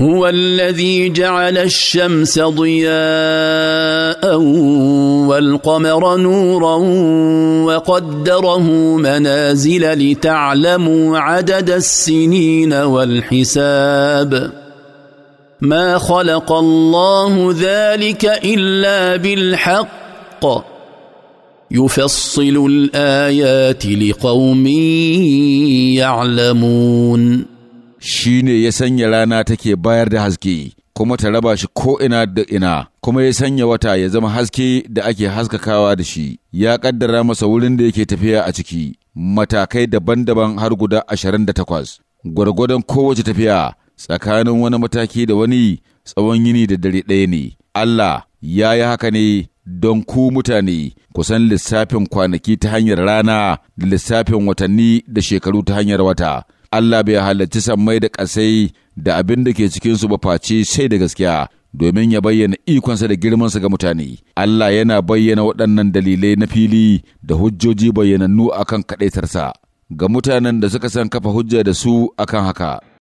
هو الذي جعل الشمس ضياء والقمر نورا وقدره منازل لتعلموا عدد السنين والحساب ما خلق الله ذلك الا بالحق يفصل الايات لقوم يعلمون shi ne ya sanya rana take bayar da haske, kuma ta raba shi ko ina da ina, kuma ya sanya wata ya zama haske da ake haskakawa da shi, ya ƙaddara masa wurin da yake tafiya a ciki, matakai daban-daban har guda ashirin da takwas, gwargwadon kowace tafiya tsakanin wani mataki da wani tsawon yini da dare ɗaya ne. Allah ya yi haka ne don ku mutane kusan lissafin kwanaki ta hanyar rana da lissafin watanni da shekaru ta hanyar wata. Allah bai halarci sammai da ƙasai da abin da ke cikinsu ba face sai da gaskiya domin ya bayyana ikonsa da girmansa ga mutane. Allah yana bayyana waɗannan dalilai na fili da hujjoji bayyanannu akan kaɗaitarsa ga mutanen da suka san kafa hujja da su akan haka.